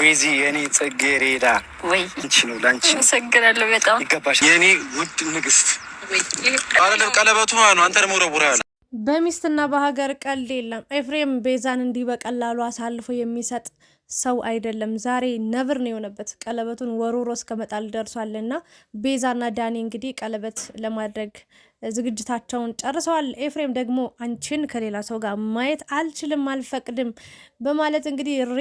ቤዚ የኔ ሬዳ ወይ አንቺ ነው ላንቺ እሰግናለሁ። በጣም ይገባሽ የኔ ውድ ንግስት። አለም ቀለበቱ ነው አንተ ደግሞ ረቡራ ያለ በሚስትና በሀገር ቀልድ የለም። ኤፍሬም ቤዛን እንዲህ በቀላሉ አሳልፎ የሚሰጥ ሰው አይደለም። ዛሬ ነብር ነው የሆነበት። ቀለበቱን ወሩሮ እስከ መጣል ደርሷልና ቤዛና ዳኒ እንግዲህ ቀለበት ለማድረግ ዝግጅታቸውን ጨርሰዋል። ኤፍሬም ደግሞ አንቺን ከሌላ ሰው ጋር ማየት አልችልም፣ አልፈቅድም በማለት እንግዲህ ሬ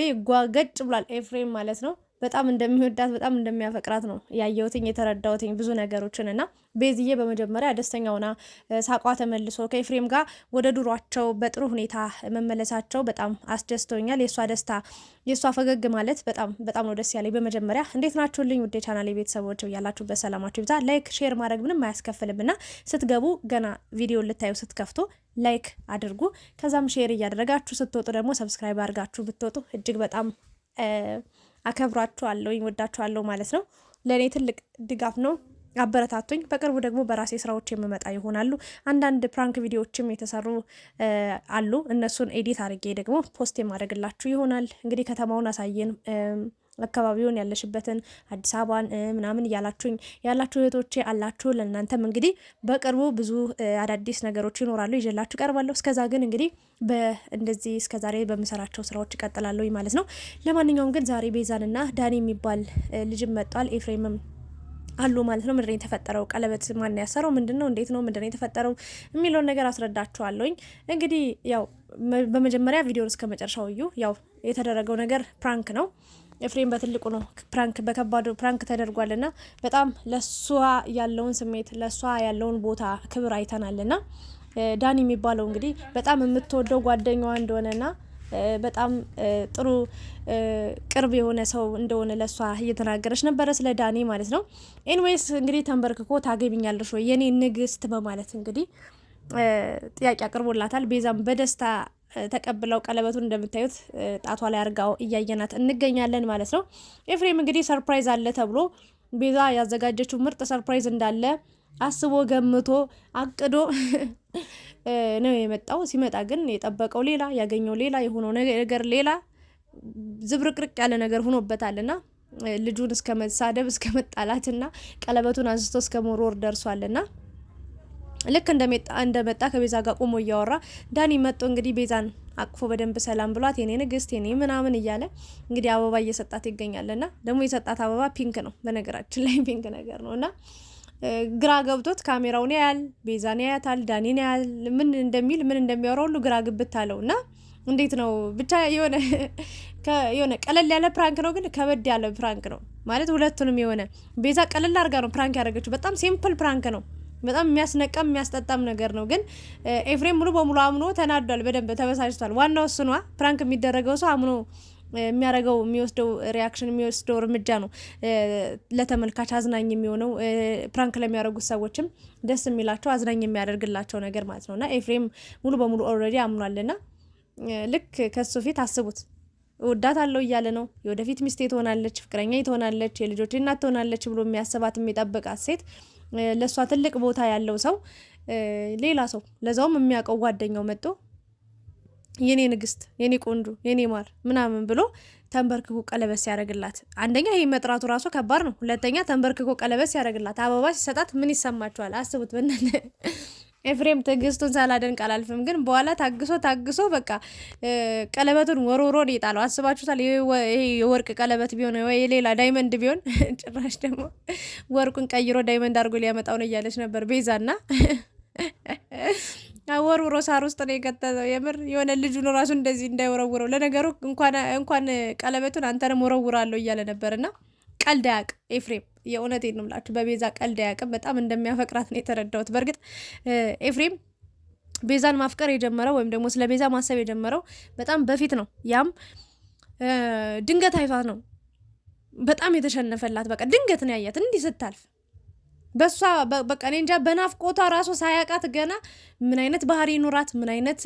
ገጭ ብሏል ኤፍሬም ማለት ነው። በጣም እንደሚወዳት በጣም እንደሚያፈቅራት ነው ያየሁትኝ የተረዳሁትኝ ብዙ ነገሮችን እና ቤዝዬ በመጀመሪያ ደስተኛ ሆና ሳቋ ተመልሶ ከኤፍሬም ጋር ወደ ዱሯቸው በጥሩ ሁኔታ መመለሳቸው በጣም አስደስቶኛል። የእሷ ደስታ የእሷ ፈገግ ማለት በጣም በጣም ነው ደስ ያለኝ። በመጀመሪያ እንዴት ናችሁልኝ ውዴ ቻናል ቤተሰቦች ያላችሁበት ሰላማችሁ ይብዛ። ላይክ ሼር ማድረግ ምንም አያስከፍልም እና ስትገቡ ገና ቪዲዮ ልታዩ ስትከፍቱ ላይክ አድርጉ። ከዛም ሼር እያደረጋችሁ ስትወጡ ደግሞ ሰብስክራይብ አድርጋችሁ ብትወጡ እጅግ በጣም አከብሯችኋለሁኝ፣ ወዳቸዋለሁ ማለት ነው። ለእኔ ትልቅ ድጋፍ ነው። አበረታቱኝ። በቅርቡ ደግሞ በራሴ ስራዎች የምመጣ ይሆናሉ። አንዳንድ ፕራንክ ቪዲዮዎችም የተሰሩ አሉ። እነሱን ኤዲት አድርጌ ደግሞ ፖስት የማደርግላችሁ ይሆናል። እንግዲህ ከተማውን አሳየን አካባቢውን ያለሽበትን አዲስ አበባን ምናምን እያላችሁኝ ያላችሁ እህቶቼ አላችሁ። ለእናንተም እንግዲህ በቅርቡ ብዙ አዳዲስ ነገሮች ይኖራሉ ይዤላችሁ ቀርባለሁ። እስከዛ ግን እንግዲህ እንደዚህ እስከዛሬ በምሰራቸው ስራዎች እቀጥላለሁ ማለት ነው። ለማንኛውም ግን ዛሬ ቤዛንና ዳኒ የሚባል ልጅም መጥቷል ኤፍሬምም አሉ ማለት ነው። ምንድነው የተፈጠረው ቀለበት ማን ያሰረው? ምንድን ነው? እንዴት ነው? ምንድነው የተፈጠረው የሚለውን ነገር አስረዳችኋለሁኝ። እንግዲህ ያው በመጀመሪያ ቪዲዮን እስከ መጨረሻው እዩ። ያው የተደረገው ነገር ፕራንክ ነው ኤፍሬም በትልቁ ነው ፕራንክ በከባዱ ፕራንክ ተደርጓል ና በጣም ለሷ ያለውን ስሜት ለሷ ያለውን ቦታ ክብር አይተናል ና ዳኒ የሚባለው እንግዲህ በጣም የምትወደው ጓደኛዋ እንደሆነ ና በጣም ጥሩ ቅርብ የሆነ ሰው እንደሆነ ለሷ እየተናገረች ነበረ፣ ስለ ዳኒ ማለት ነው። ኤንዌይስ እንግዲህ ተንበርክኮ ታገቢኛለሽ ወይ የኔ ንግስት በማለት እንግዲህ ጥያቄ አቅርቦላታል። ቤዛም በደስታ ተቀብለው ቀለበቱን እንደምታዩት ጣቷ ላይ አርጋው እያየናት እንገኛለን ማለት ነው። ኤፍሬም እንግዲህ ሰርፕራይዝ አለ ተብሎ ቤዛ ያዘጋጀችው ምርጥ ሰርፕራይዝ እንዳለ አስቦ ገምቶ አቅዶ ነው የመጣው። ሲመጣ ግን የጠበቀው ሌላ፣ ያገኘው ሌላ፣ የሆነው ነገር ሌላ ዝብርቅርቅ ያለ ነገር ሆኖበታልና ልጁን እስከ መሳደብ እስከ ቀለበቱን አንስቶ እስከ መሮር ደርሷልና ልክ እንደመጣ ከቤዛ ጋር ቁሞ እያወራ ዳኒ መጥቶ እንግዲህ ቤዛን አቅፎ በደንብ ሰላም ብሏት የኔ ንግስት የኔ ምናምን እያለ እንግዲህ አበባ እየሰጣት ይገኛል። እና ደግሞ የሰጣት አበባ ፒንክ ነው፣ በነገራችን ላይ ፒንክ ነገር ነው እና ግራ ገብቶት ካሜራውን ያያል፣ ቤዛን ያያታል፣ ዳኒን ያያል። ምን እንደሚል ምን እንደሚያወራ ሁሉ ግራ ግብት አለው እና እንዴት ነው ብቻ የሆነ የሆነ ቀለል ያለ ፕራንክ ነው፣ ግን ከበድ ያለ ፕራንክ ነው ማለት ሁለቱንም የሆነ ቤዛ ቀለል አድርጋ ነው ፕራንክ ያደረገችው። በጣም ሲምፕል ፕራንክ ነው በጣም የሚያስነቀም የሚያስጠጣም ነገር ነው። ግን ኤፍሬም ሙሉ በሙሉ አምኖ ተናዷል፣ በደንብ ተበሳጭቷል። ዋናው እሱኗ ፕራንክ የሚደረገው ሰው አምኖ የሚያደርገው የሚወስደው ሪያክሽን የሚወስደው እርምጃ ነው ለተመልካች አዝናኝ የሚሆነው ፕራንክ ለሚያደርጉት ሰዎችም ደስ የሚላቸው አዝናኝ የሚያደርግላቸው ነገር ማለት ነው። እና ኤፍሬም ሙሉ በሙሉ ኦልሬዲ አምኗልና ልክ ከሱ ፊት አስቡት ውዳት አለው እያለ ነው። የወደፊት ሚስቴ ትሆናለች፣ ፍቅረኛ ትሆናለች፣ የልጆች እናት ትሆናለች ብሎ የሚያስባት የሚጠብቃት ሴት ለእሷ ትልቅ ቦታ ያለው ሰው ሌላ ሰው ለዛውም የሚያውቀው ጓደኛው መጥቶ የኔ ንግስት፣ የኔ ቆንጆ፣ የኔ ማር ምናምን ብሎ ተንበርክኮ ቀለበት ሲያደርግላት፣ አንደኛ ይህ መጥራቱ ራሱ ከባድ ነው። ሁለተኛ ተንበርክኮ ቀለበት ሲያደርግላት፣ አበባ ሲሰጣት ምን ይሰማችኋል? አስቡት በእናትህ። ኤፍሬም ትዕግስቱን ሳላደንቅ አላልፍም። ግን በኋላ ታግሶ ታግሶ በቃ ቀለበቱን ወሮሮ ነው ይጣለው። አስባችሁታል? ይሄ የወርቅ ቀለበት ቢሆን ወይ ሌላ ዳይመንድ ቢሆን ጭራሽ ደግሞ ወርቁን ቀይሮ ዳይመንድ አድርጎ ሊያመጣው ነው እያለች ነበር ቤዛና ወርውሮ ሳር ውስጥ ነው የከተተው። የምር የሆነ ልጁን ራሱ እንደዚህ እንዳይወረውረው። ለነገሩ እንኳን ቀለበቱን አንተንም ወረውራለሁ እያለ ነበርና ቀልድ አያውቅ ኤፍሬም። የእውነቴን ነው የምላችሁ። በቤዛ ቀልድ አያውቅም። በጣም እንደሚያፈቅራት ነው የተረዳሁት። በእርግጥ ኤፍሬም ቤዛን ማፍቀር የጀመረው ወይም ደግሞ ስለ ቤዛ ማሰብ የጀመረው በጣም በፊት ነው። ያም ድንገት አይቷት ነው። በጣም የተሸነፈላት በቃ ድንገት ነው ያያት እንዲህ ስታልፍ በሷ በቃ እኔ እንጃ በናፍቆቷ ራሱ ሳያቃት ገና ምን አይነት ባህሪ ይኑራት፣ ምን አይነት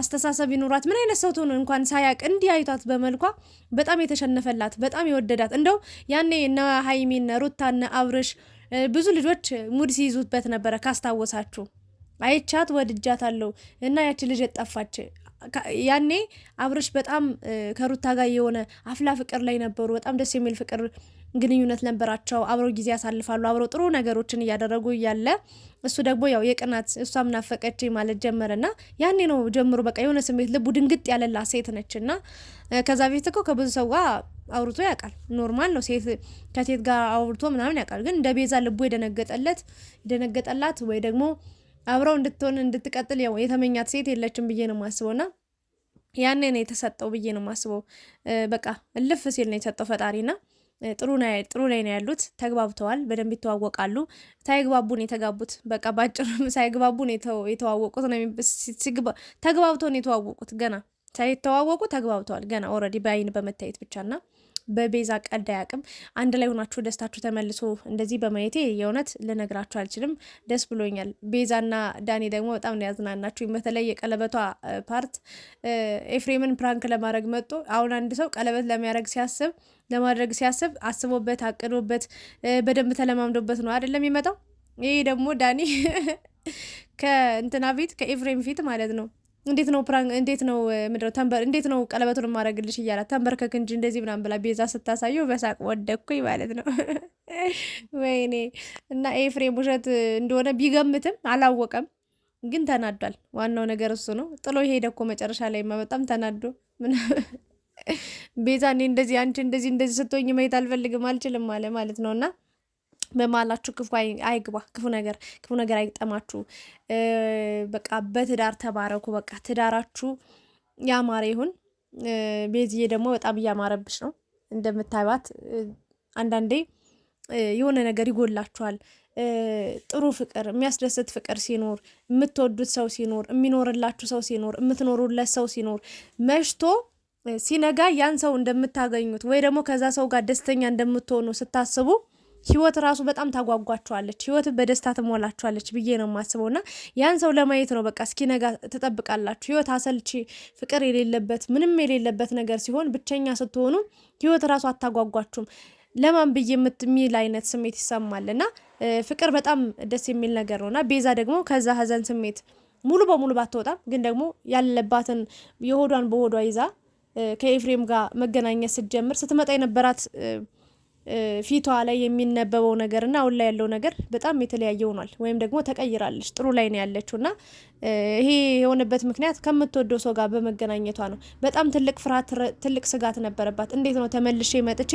አስተሳሰብ ይኑራት፣ ምን አይነት ሰው ትሆን እንኳን ሳያቅ እንዲህ አይቷት በመልኳ በጣም የተሸነፈላት በጣም የወደዳት እንደው ያኔ እነ ሀይሚ እነ አብርሽ ብዙ ልጆች ሙድ ሲይዙበት ነበረ ካስታወሳችሁ አይቻት ወድጃታለሁ እና ያቺ ልጅ የጠፋች ያኔ አብርሽ በጣም ከሩታ ጋር የሆነ አፍላ ፍቅር ላይ ነበሩ። በጣም ደስ የሚል ፍቅር ግንኙነት ነበራቸው። አብረው ጊዜ ያሳልፋሉ። አብረው ጥሩ ነገሮችን እያደረጉ እያለ እሱ ደግሞ ያው የቅናት እሷ ምናፈቀች ማለት ጀመረና ያኔ ነው ጀምሮ በቃ የሆነ ስሜት ልቡ ድንግጥ ያለላ ሴት ነችና ከዛ ቤት እኮ ከብዙ ሰው ጋር አውርቶ ያውቃል። ኖርማል ነው ሴት ከሴት ጋር አውርቶ ምናምን ያውቃል። ግን እንደ ቤዛ ልቡ የደነገጠለት የደነገጠላት ወይ ደግሞ አብረው እንድትሆን እንድትቀጥል ያው የተመኛት ሴት የለችም ብዬ ነው የማስበውና ያኔ ነው የተሰጠው ብዬ ነው የማስበው። በቃ እልፍ ሲል ነው የተሰጠው ፈጣሪና ጥሩ ጥሩ ላይ ነው ያሉት። ተግባብተዋል፣ በደንብ ይተዋወቃሉ። ሳይግባቡ የተጋቡት። በቃ ባጭሩ ሳይግባቡን የተዋወቁት። ተግባብተው ነው የተዋወቁት። ገና ሳይተዋወቁ ተግባብተዋል። ገና ኦልሬዲ በአይን በመታየት ብቻ ና በቤዛ ቀልድ አያውቅም። አንድ ላይ ሆናችሁ ደስታችሁ ተመልሶ እንደዚህ በማየቴ የእውነት ልነግራችሁ አልችልም፣ ደስ ብሎኛል። ቤዛና ዳኒ ደግሞ በጣም ነው ያዝናናችሁኝ። በተለይ የቀለበቷ ፓርት ኤፍሬምን ፕራንክ ለማድረግ መጡ። አሁን አንድ ሰው ቀለበት ለሚያደርግ ሲያስብ ለማድረግ ሲያስብ አስቦበት አቅዶበት በደንብ ተለማምዶበት ነው አይደለም የሚመጣው። ይህ ደግሞ ዳኒ ከእንትና ፊት ከኤፍሬም ፊት ማለት ነው እንዴት ነው ፕራንክ እንዴት ነው ምድረው ተንበር እንዴት ነው ቀለበቱን ማድረግልሽ እያላት ተንበርከክ እንጂ እንደዚህ ምናምን ብላ ቤዛ ስታሳየው በሳቅ ወደኩኝ ማለት ነው። ወይኔ እና ኤፍሬም ውሸት እንደሆነ ቢገምትም አላወቀም፣ ግን ተናዷል። ዋናው ነገር እሱ ነው። ጥሎ ሄደ እኮ መጨረሻ ላይ በጣም ተናዶ ቤዛ እኔ እንደዚህ አንቺ እንደዚህ እንደዚህ ስትሆኝ መሄድ አልፈልግም አልችልም አለ ማለት ነው እና በማላችሁ ክፉ አይግባ፣ ክፉ ነገር ክፉ ነገር አይግጠማችሁ። በቃ በትዳር ተባረኩ። በቃ ትዳራችሁ ያማረ ይሁን። ቤዝዬ ደግሞ በጣም እያማረብሽ ነው እንደምታይባት። አንዳንዴ የሆነ ነገር ይጎላችኋል። ጥሩ ፍቅር፣ የሚያስደስት ፍቅር ሲኖር፣ የምትወዱት ሰው ሲኖር፣ የሚኖርላችሁ ሰው ሲኖር፣ የምትኖሩለት ሰው ሲኖር መሽቶ ሲነጋ ያን ሰው እንደምታገኙት ወይ ደግሞ ከዛ ሰው ጋር ደስተኛ እንደምትሆኑ ስታስቡ ህይወት ራሱ በጣም ታጓጓቸዋለች፣ ህይወት በደስታ ትሞላቸዋለች ብዬ ነው የማስበው። እና ያን ሰው ለማየት ነው በቃ እስኪ ነጋ ትጠብቃላችሁ። ህይወት አሰልቺ፣ ፍቅር የሌለበት ምንም የሌለበት ነገር ሲሆን ብቸኛ ስትሆኑ ህይወት ራሱ አታጓጓችሁም። ለማን ብዬ የሚል አይነት ስሜት ይሰማል። እና ፍቅር በጣም ደስ የሚል ነገር ነው እና ቤዛ ደግሞ ከዛ ሀዘን ስሜት ሙሉ በሙሉ ባትወጣም ግን ደግሞ ያለባትን የሆዷን በሆዷ ይዛ ከኤፍሬም ጋር መገናኘት ስትጀምር ስትመጣ የነበራት ፊቷ ላይ የሚነበበው ነገርና አሁን ላይ ያለው ነገር በጣም የተለያየ ሆኗል፣ ወይም ደግሞ ተቀይራለች። ጥሩ ላይ ነው ያለችውና ይሄ የሆነበት ምክንያት ከምትወደው ሰው ጋር በመገናኘቷ ነው። በጣም ትልቅ ፍርሃት፣ ትልቅ ስጋት ነበረባት። እንዴት ነው ተመልሼ መጥቼ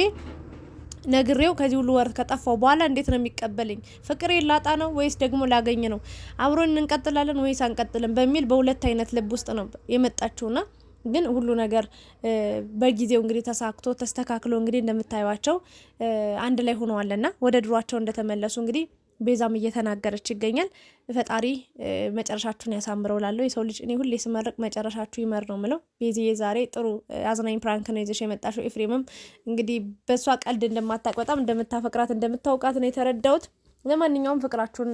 ነግሬው ከዚህ ሁሉ ወር ከጠፋው በኋላ እንዴት ነው የሚቀበለኝ? ፍቅሬ ላጣ ነው ወይስ ደግሞ ላገኝ ነው? አብሮን እንቀጥላለን ወይስ አንቀጥልም በሚል በሁለት አይነት ልብ ውስጥ ነው የመጣችውና ግን ሁሉ ነገር በጊዜው እንግዲህ ተሳክቶ ተስተካክሎ እንግዲህ እንደምታዩቸው አንድ ላይ ሆነዋልና ወደ ድሯቸው እንደተመለሱ እንግዲህ ቤዛም እየተናገረች ይገኛል። ፈጣሪ መጨረሻችሁን ያሳምረው ላለው የሰው ልጅ እኔ ሁሌ ስመርቅ መጨረሻችሁ ይመር ነው ምለው። ቤዚ ዛሬ ጥሩ አዝናኝ ፕራንክ ነው ይዘሽ የመጣሽው። ኤፍሬምም እንግዲህ በእሷ ቀልድ እንደማታውቅ በጣም እንደምታፈቅራት እንደምታውቃት ነው የተረዳውት። ለማንኛውም ፍቅራችሁን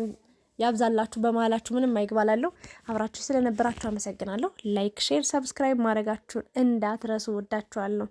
ያብዛላችሁ፣ በመሀላችሁ ምንም አይግባላለሁ። አብራችሁ ስለነበራችሁ አመሰግናለሁ። ላይክ፣ ሼር፣ ሰብስክራይብ ማድረጋችሁን እንዳትረሱ። ወዳችኋለሁ።